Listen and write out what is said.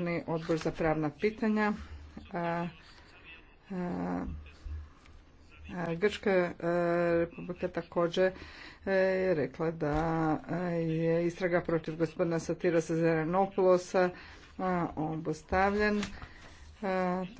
posebni odbor za pravna pitanja. Grčka republika također e, je rekla da je istraga protiv gospodina Satira on obostavljen